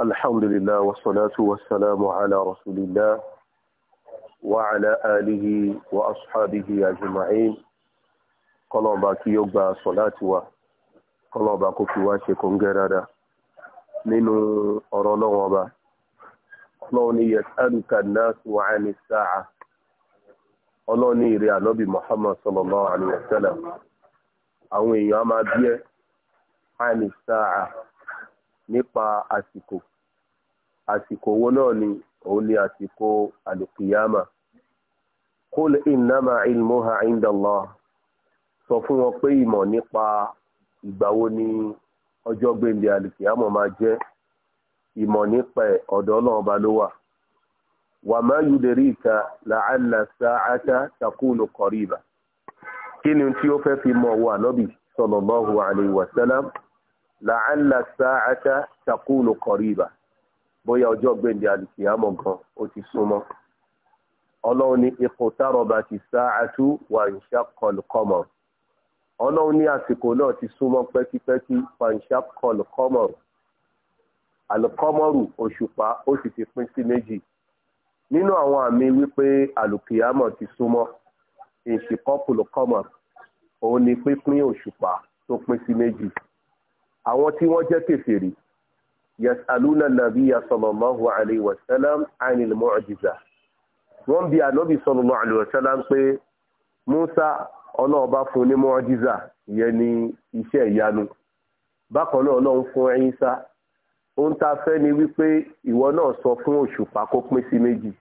الحمد لله والصلاة والسلام على رسول الله وعلى آله وأصحابه أجمعين قال باكي يقبع صلاة و قال باكو في واشكم جرادا من أرانا وبا قال يسألك الناس وعن الساعة قال نيري نبي محمد صلى الله عليه وسلم أو يا ما عن الساعة nípa àsìkò àsìkò owó náà ni òun ni àsìkò àlùkìyàmà kul innama ilmuha inda Allah sọ fún wọn pé ìmọ̀ nípa ìgbà wo ni ọjọ́ gbèndé àlùkìyàmọ̀ máa jẹ́ ìmọ̀ nípa ẹ̀ náà ọba ló wà wa ma yudrika la'alla sa'ata takunu qariba kí ni tí ó fẹ́ fi mọ̀ wà nọ́bì sallallahu alayhi wa làálà sáàtà takúlù kọ̀ríba bóyá ọjọ́ gbèǹde àlùkìyàmọ̀ gan ó ti súnmọ́ ọlọ́run ní ipò tárọ̀bà ti sáàtú wà ìṣàkọlù kọ́mọ̀ ọlọ́run ní àsìkò náà ti súnmọ́ pẹ́kípẹ́kí wà ìṣàkọlù kọ́mọ̀ alùkọ́mọ̀rù òṣùpá ó sì ti pín sí méjì nínú àwọn àmì wípé àlùkìyàmọ̀ ti súnmọ́ ìṣìkọ́pùlù kọ́mọ̀ òun ni pínpín òṣùpá tó pín sí méjì àwọn tí wọ́n jẹ́ kèfèrí yasaluna nabiya sallallahu alayhi wa sallam anil mu'jiza wọ́n bi ànábì sallallahu alayhi wa sallam pé Musa ọlọ́ọ̀bá fún ní mu'jiza ìyẹn ni iṣẹ́ ìyanu bákan náà ọlọ́run fún Ìsá ohun tá a fẹ́ ni wípé ìwọ náà sọ fún òṣùpá kó pín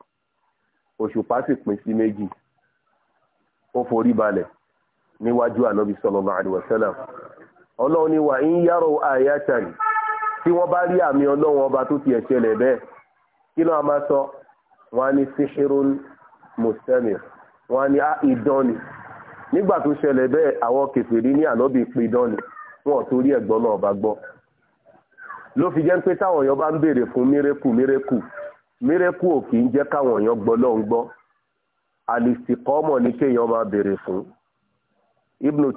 ọlọ́run ni wà ń yàrá àyàtàn tí wọ́n bá rí àmì ọlọ́run ọba tó ti ẹ̀ṣẹ̀lẹ̀ bẹ́ẹ̀ kí ló máa sọ wọn ni sihirun mustamir wọn ni ah, ni nígbà tó ṣẹlẹ̀ bẹ́ẹ̀ àwọn kèfèrí ní ànábì pin ni wọn ẹ̀gbọ́n náà gbọ́ ló fi jẹ́ pé táwọn èèyàn bá ń béèrè fún mírẹ́kù Ibn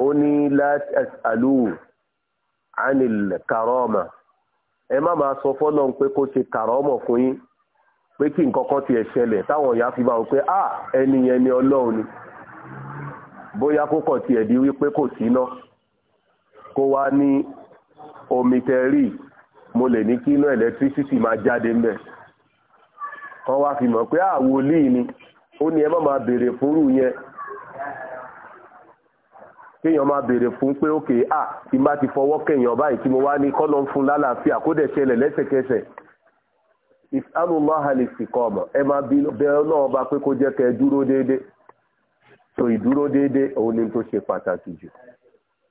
ó ní láti àlù anil karọ́ọ̀mà ẹ má máa sọ fọ́lọ́n pé kó ṣe karọ́ọ̀mọ̀ fún yín pé kí nǹkan kan ti ẹ̀ṣẹlẹ̀ táwọn ìyá fi bá wọn pé à ẹni yẹn ni ọlọ́run ni bóyá kó kàn tiẹ̀ di wípé kò síná kó wá ní omi tẹ́rì mo lè ní kí iná ẹ̀lẹ́tírísítì máa jáde mẹ́ wọ́n wá fi mọ̀ pé àwòlíì ni ó ní ẹ má máa béèrè fúrú yẹn kéèyàn máa béèrè fún pé ókè à ah, tí n ti fọwọ́ kẹ̀yàn ọba wá ní kọ́ ń fún lálàáfíà kó dẹ̀ ṣẹlẹ̀ lẹ́sẹ̀kẹsẹ̀ if sìkọ́ ọmọ ẹ máa bẹ ọlọ́run pé kó jẹ́ kẹ́ ẹ dúró so ìdúró òun ni tó ṣe pàtàkì jù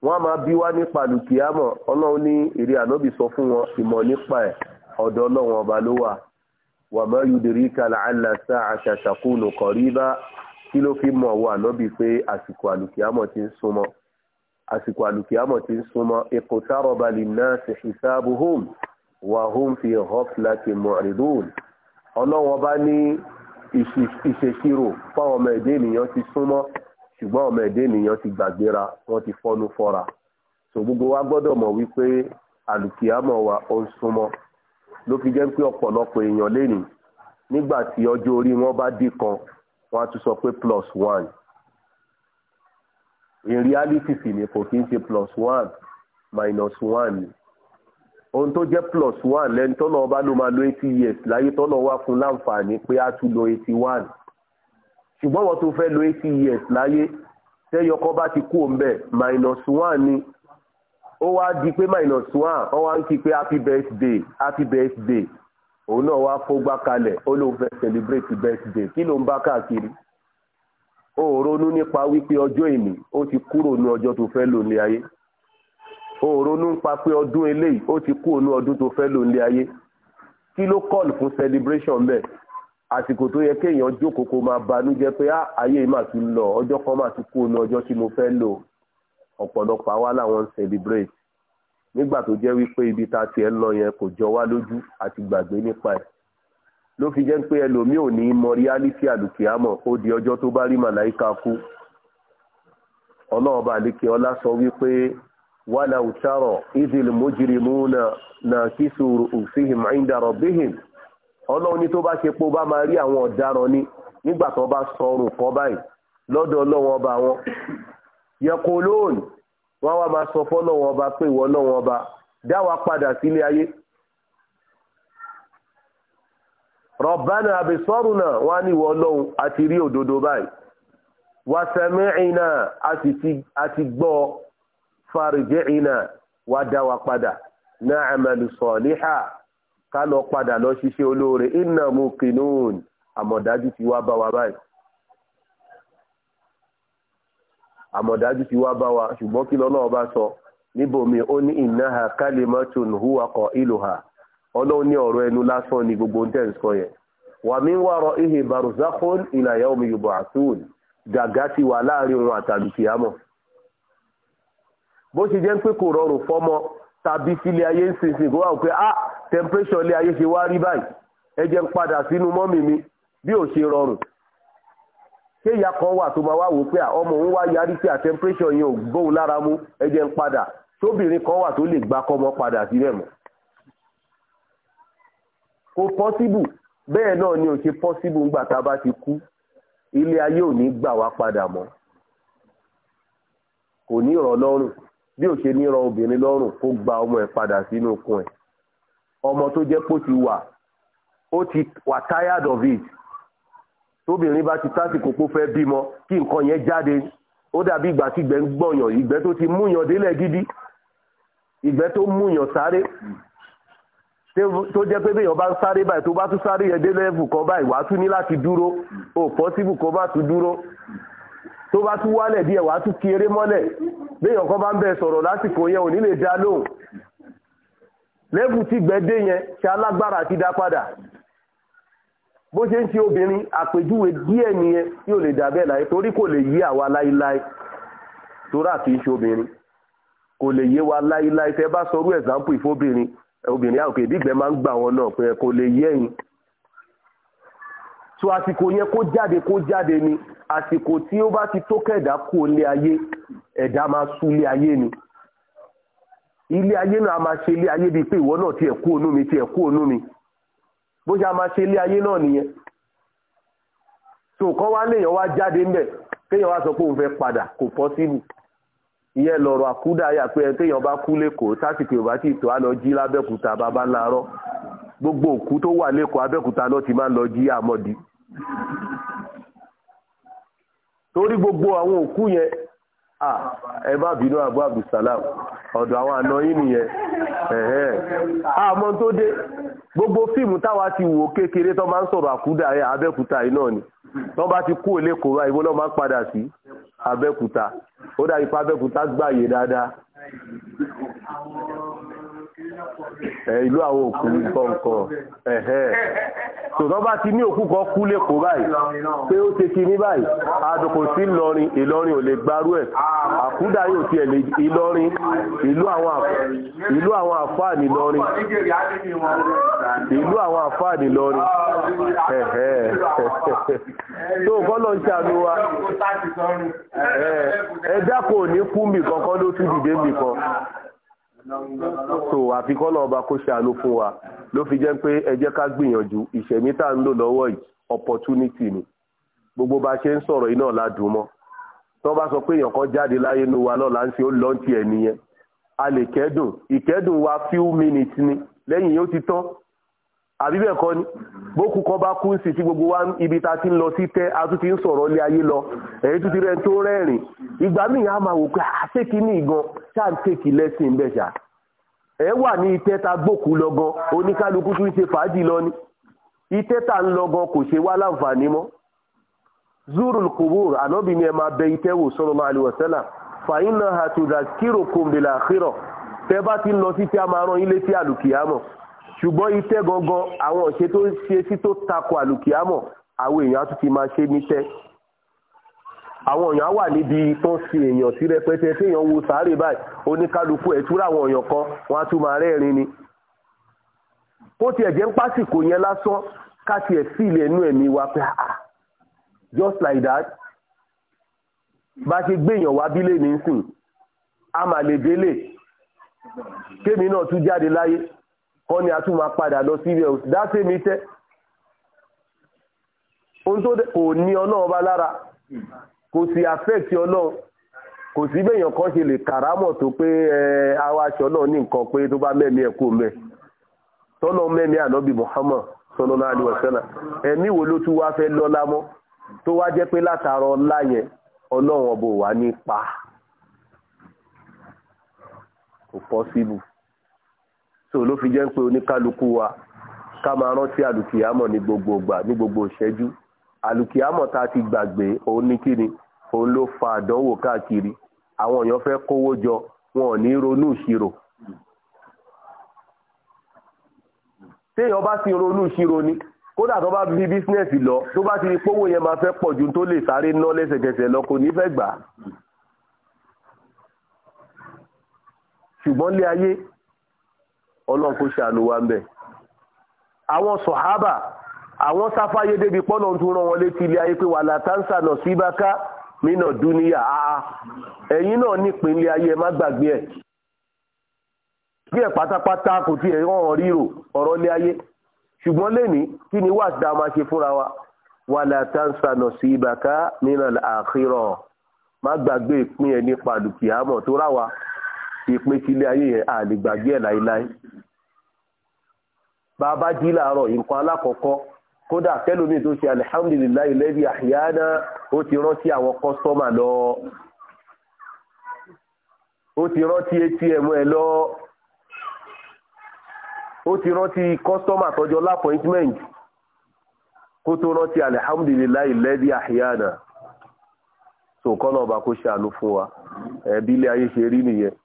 wọ́n máa bí wá ọlọ́run ní èrè ànábì sọ fún wọn ìmọ̀ nípa ẹ̀ ọ̀dọ̀ ọlọ́run ọba kí ló àsìkò àlùkìyàmọ̀ ti ń súnmọ́ iqtaraba linnasi hisabuhum wa hum fi ghaflatin mu'ridun ọlọ́wọ́n bá ní ìṣèṣirò fáwọn ọmọ ẹ̀dẹ́ ènìyàn ti súnmọ́ ṣùgbọ́n ọmọ ẹ̀dẹ́ ènìyàn ti gbàgbéra wọ́n ti fọ́nú fọ́ra so gbogbo wa gbọ́dọ̀ mọ̀ wípé àlùkìyàmọ̀ wa ó ń súnmọ́ ló fi jẹ́ pé ọ̀pọ̀lọpọ̀ èèyàn lénìí nígbà tí ọjọ́ orí wọn bá dín kan wọ́n á tún sọ pé plus one in reality sì ni kò kí n ṣe plus one minus one ohun tó jẹ́ plus one lẹ́ni tọ́nà ọba ló máa lo eighty years láyé tọ́nà wá fún láǹfààní pé á tún lo eighty one ṣùgbọ́n wọ́n tún fẹ́ lo eighty years láyé tẹ́yọkọ́ bá ti kú òǹbẹ̀ minus one ni ó wá di pé minus one wọ́n wá ń kí pé happy birthday happy birthday òun náà wá fógbá kalẹ̀ ó lóun fẹ́ celebrate birthday kí ló ń bá káàkiri o ò ronú nípa wípé ọjọ́ èmi ó ti kúrò ní ọjọ́ tó fẹ́ lò ní ayé o ò ronú nípa pé ọdún eléyìí ó ti kúrò ní ọdún tó fẹ́ lò ní ayé kí ló call fún celebration bẹ́ẹ̀ àsìkò tó yẹ kéèyàn jókòó kó máa banújẹ́ pé ah, ayé mà tún lọ ọjọ́ kan mà tún kúrò ní ọjọ́ tí mo fẹ́ lò ọ̀pọ̀lọpọ̀ àwa làwọn ń celebrate nígbà tó jẹ́ wípé ibi tá a tiẹ̀ lọ yẹn kò jọ wá lójú àti gbàgbé nípa ẹ̀ ló fi jẹ́ pé ẹlòmíì ò ní mọ reality àlùkìámọ̀ ó di ọjọ́ tó bá rí màláìka kú ọlá sọ wípé wàláwù tààrọ̀ ìzìlì mójìrìmú náà kí sùúrù òfihìm àìndàrọ̀ bíhìm ọlọ́run tó bá ṣe bá máa rí àwọn ọ̀daràn ni nígbà tó bá sọrùn kan báyìí lọ́dọ̀ ọlọ́run ọba wọn yẹkọ lóòn wọn wá máa sọ fọ́lọ́run ọba pé ìwọ ọba wa rọ̀bánà àbẹ̀sọ́rùnà wọn á ní ìwọ ọlọ́run a ti rí òdodo báyìí wà sẹ́mìíràn a ti gbọ́ fàrìjìrìnà wà dá wa padà náà àmàlù sọ̀líhà ká lọ padà lọ ṣiṣẹ́ olóore iná mú kìnnìún àmọ̀dájú ti wá bá wa báyìí. ṣùgbọ́n kí lọ́lọ́ọ̀ bá sọ níbòmí ó ní ìnáha kálímọ́tò huwa qailuha ọlọ́run ní ọ̀rọ̀ ẹnu lásán ni gbogbo ń tẹ̀sán sọ yẹn wà mí ń wárọ ihe baruzakun ila yaumi yub'athun gàgá ti wà láàrin òun àtàlùkì àmọ́ bó ṣe jẹ́ pé kò rọrùn fọ́mọ tàbí sílé ayé ń sinsin kó wà pé ah temperature lé ayé ṣe wá rí báyìí ẹ jẹ́ ń padà sínú mọ́mì mi bí ò ṣe rọrùn kéèyà kan wà tó máa wá wò pé ah, ọmọ òun wá yarí pé àtẹ̀mpéṣọ̀ yẹn ò gbóhùn lára mú ẹ̀jẹ̀ ń padà tóbìnrin kan wà tó lè gbà kọ́mọ padà síbẹ̀ mọ́ ó pọ́síbù bẹ́ẹ̀ náà ni ò ṣe pọ́síbù ńgbà tá a bá ti kú ilé ayé ò ní gbà wá padà mọ́ kò ní rọ̀ lọ́rùn bí ò ṣe ní obìnrin lọ́rùn kó gba ọmọ ẹ̀ padà sínú okùn ẹ̀ ọmọ tó jẹ́ pé ó ti wà ó ti wà tired of it tóbìnrin bá ti tásìkò pé ó fẹ́ bímọ kí nǹkan yẹn jáde ó dàbí ìgbà tí ìgbẹ́ ń ìgbẹ́ tó ti múyàn délẹ̀ gidi ìgbẹ́ tó múyàn tó jẹ́ pé bẹ́ẹ̀ ọba sáré báyìí tó bá tún sáré yẹn dé lẹ́ẹ̀fù kan báyìí wàá tún ní láti dúró ò pọ́sibù kan bá tún dúró tó bá tún wálẹ̀ díẹ̀ wàá tún kéré mọ́lẹ̀ bẹ́ẹ̀ ọkọ bá ń bẹ sọ̀rọ̀ lásìkò yẹn ò ní lè dá lóhùn lẹ́ẹ̀fù tí gbẹ́ dé yẹn ṣe alágbára àti dá padà bó ṣe ń ṣe obìnrin àpèjúwe díẹ̀ nìyẹn tí ò lè dà bẹ́ẹ̀ láyé torí kò lè yé àwa láíláí torá kì í ṣe obìnrin kò lè yé wa láíláí tẹ bá sọrú ẹ̀sáǹpù obìnrin àwòkè ìdígbẹ́ máa ń gbà wọn náà pé kò lè yé ẹ̀yìn so àsìkò yẹn kó jáde kó jáde ni àsìkò tí ó bá ti tó kẹ̀dá kú ilé ayé ẹ̀dá máa sú ilé ayé ni ilé ayé náà a máa ṣe ilé ayé bíi pé ìwọ náà tiẹ̀ kú ònú mi tiẹ̀ kú ònú mi bó ṣe a máa ṣe ilé ayé náà nìyẹn so kọ́ wá léèyàn wá jáde ńbẹ̀ kéèyàn wá sọ pé òun fẹ́ padà kò pọ́síbù ìyẹn lọ̀rọ̀ àkúdàáyà pé ẹni téèyàn bá kú lẹ́kọ̀ọ́ sásìkò yorùbá sì tó á lọ jí lábẹ́òkúta bàbá ńláàárọ̀ gbogbo òkú tó wà lẹ́kọ̀ọ́ abẹ́òkúta náà ti máa ń lọ jí àmọ́dí torí gbogbo àwọn òkú yẹn ẹ bá bínú àbú abdulsalam ọ̀dọ̀ àwọn àna yín nìyẹn àmọ́ tó dé gbogbo fíìmù táwa ti wò kékeré tó máa ń sọ̀rọ̀ àkúdà Abẹ́òkúta yìí náà ni tó bá ti kú òlé ó dàbí pápẹ́kúta gbàyè dáadáa ìlú àwọn òkú kọ̀ọ̀kan ẹ̀hẹ́ tòtọ́ bá ti ní òkú kan kú lẹ́kọ̀ọ́ báyìí pé ó ṣe kí ní báyìí adùnkò sí Ìlọrin Ìlọrin ò lè gbarú ẹ̀ àkúdà yóò ti ẹ̀lẹ́ Ìlọrin ìlú àwọn àfáà nìlọrin ìlú àwọn àfáàdì lọrin tó kọ́lọ̀ ń ṣàánú wa ẹ̀dá kò ní kú mi kankan ló tún dìde mi kan so àfi ọba kó ṣàánú fún wa ló fi jẹ́ pé ẹ ká gbìyànjú ìṣẹ̀mí tá ń lò lọ́wọ́ yìí opportunity ni gbogbo bá ṣe ń sọ̀rọ̀ iná ládùn mọ́ tó bá sọ pé èèyàn kan jáde láyé wa lọ́la ń ṣe ó lọ́ntì ẹ̀ nìyẹn a lè kẹ́dùn ìkẹ́dùn wa few minutes ni lẹ́yìn yóò ti tán àbí bẹ́ẹ̀ kọ́ ni bókù kan bá kú sí tí gbogbo wa ibi ta ti ń lọ sí tẹ́ a tún ti ń sọ̀rọ̀ lé ayé lọ èyí tún ti rẹ̀ tó rẹ́rìn ìgbà míì á máa wò pé àṣekí ní ìgan ṣáà ń tèkì lẹ́sìn bẹ́ẹ̀ ṣá ẹ wà ní itẹ́ ta gbókù lọ oníkálukú tún ṣe fàájì lọ ni itẹ́ ta ń lọ gan kò ṣe wá láǹfààní mọ́ zurul kubur ànábì ni ẹ máa bẹ itẹ́ wò sallallahu alaihi wasallam fàyínà àtúndà kíròkòmbìlà àkírọ̀ tẹ bá ti ń lọ sí tí a máa rán ilé tí àlùkìyà ṣùgbọ́n itẹ́ gangan àwọn ọ̀ṣẹ́ tó ń ṣe sí tó takò àlùkìyámọ̀ àwọn èèyàn tún ti máa ṣe nítẹ́ àwọn èèyàn wà níbi tó ń fi èèyàn sí rẹpẹtẹ téèyàn wo sáré báyìí oníkálukú ẹ̀túrà àwọn èèyàn kan wọn á tún máa rẹ́rìn ni kó tiẹ̀ jẹ́ ń pásìkò yẹn lásán ká tiẹ̀ sí ilé inú ẹ̀mí wa pé ah, ah just like that bá ṣe gbé èèyàn wá bílé nísìn a mà lè délé kémi náà tún jáde láyé kọ́ ni a tún máa padà lọ sí ilé ọ̀sùn dáṣẹ́ mi tẹ́ ohun tó kò ní ọlọ́run bá lára kò sí affect ọlọ́run kò sí bẹ́yàn kan ṣe lè kàrámọ̀ tó pé àwa aṣọ náà ní nǹkan pé tó bá mẹ́mí ẹ̀kú mẹ́ tọ́nà mẹ́mí ànábì Muhammad sọlọ́nà àdìwọ̀sánà ẹ̀mí wo ló tún wá fẹ́ lọ́lá mọ́ tó wá jẹ́ pé ọlá yẹn ọlọ́run ọbọ̀ so ló fi jẹ́ pé oníkálukú wa ká máa rántí àlùkìyámọ̀ ní gbogbo ìgbà ní gbogbo ìṣẹ́jú àlùkìyámọ̀ tá a ti gbàgbé òun ní kíni òun ló fa àdánwò káàkiri àwọn èèyàn fẹ́ kówó jọ wọn ò ní ronú ìṣirò téèyàn bá ti ronú ìṣirò ni kódà tó bá fi bísínẹ́sì lọ tó bá ti rí pówó yẹn máa fẹ́ pọ̀ ju tó lè sáré ná lẹ́sẹ̀kẹsẹ̀ lọ kò ní fẹ́ gbà á ṣùgbọ́n lé ayé ọlọ́run kó ṣàánú wa ń bẹ̀. àwọn sọ̀hábà àwọn sáfáyé débi pọ́nà tó rán wọn létí ilé ayé pé wà látàǹsà nà sí ibáká mínà dúníyà áá ẹ̀yìn náà nípínlẹ̀ ayé ẹ má gbàgbé ẹ̀. bí ẹ̀ pátápátá kò tiẹ̀ hàn ríro ọ̀rọ̀ ilé ayé ṣùgbọ́n lẹ́ni kí ni wà dá máa ṣe fúnra wa wà látàǹsà nà sí ibáká mínà àkírọ̀ má gbàgbé ìpín ẹ̀ nípa dùkìá mọ̀ tó rà wá ìpín tilé ayé yẹn àlè gbàgbé ẹ̀ láíláí bàbá jí làárọ̀ nǹkan alákọ̀ọ́kọ́ kódà tẹ́lómi tó ṣe alihamudulilayi lẹ́bi àyáná ó ti rántí àwọn kọ́sọ́mà lọ ó ti rántí atm ẹ lọ ó ti rántí kọ́sọ́mà tọjọ́ lápọ́ìntmẹ́ǹt kó tó rántí alihamudulilayi lẹ́bi àyáná so kọ́nà ọba kó ṣàánú fún wa ẹbí ilé ayé ṣe rí nìyẹn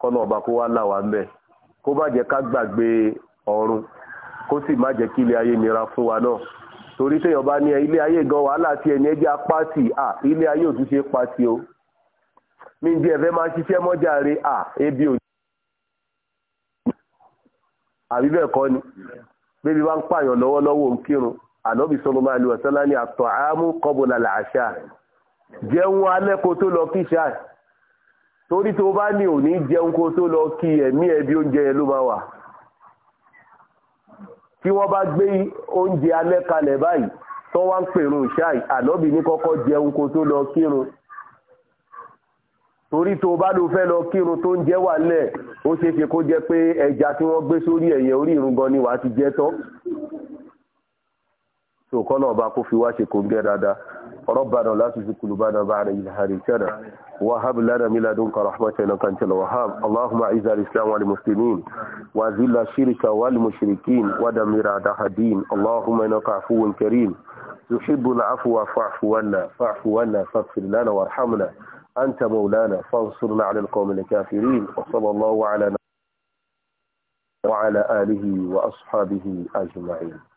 kọ́nà ọba kó wá là ń bẹ̀ kó bá ká gbàgbé ọ̀run kó sì má jẹ́ kí ilé ayé nira fún wa náà torí téèyàn bá ní ilé ayé gan wàhálà tí ẹni ẹjẹ́ apáàtì à ilé ayé ò tún ṣe pàtì o mi ń di ẹ̀fẹ́ máa ṣiṣẹ́ mọ́jàre à ebi ò àbí bẹ́ẹ̀ kọ́ ni bébí wá ń pààyàn lọ́wọ́lọ́wọ́ ń kírun ànábì sọ́nù máa lu ọ̀sán láni àtọ̀ àámú kọ́bùnà làṣà jẹun alẹ́ kó tó lọ kíṣà torí tó bá ní òní jẹun kó tó lọ kí ẹ̀mí ẹbí oúnjẹ yẹn ló máa wà tí wọ́n bá gbé oúnjẹ alẹ́ kalẹ̀ báyìí tó wá ń pèrún ṣáì ànábì ní kọ́kọ́ jẹun kó tó lọ kírun torí tó bá ló fẹ́ lọ kírun tó ń jẹ́ wà lẹ̀ ó ṣeéṣe kó jẹ́ pé ẹja tí wọ́n gbé sórí ẹ̀yẹ orí ìrùngan ni wàá ti jẹ tán so kọ́nà ọba kó fi wá ṣe kò ń gẹ́ dáadáa ربنا لا تزغ قلوبنا بعد إذ هديتنا وهب لنا من لدنك رحمة إنك أنت الوهاب اللهم أعز الإسلام والمسلمين وأذل الشرك والمشركين ودمر أعداء الدين اللهم إنك عفو كريم تحب العفو فاعف عنا فاعف عنا فاغفر لنا وارحمنا أنت مولانا فانصرنا على القوم الكافرين وصلى الله على وعلى آله وأصحابه أجمعين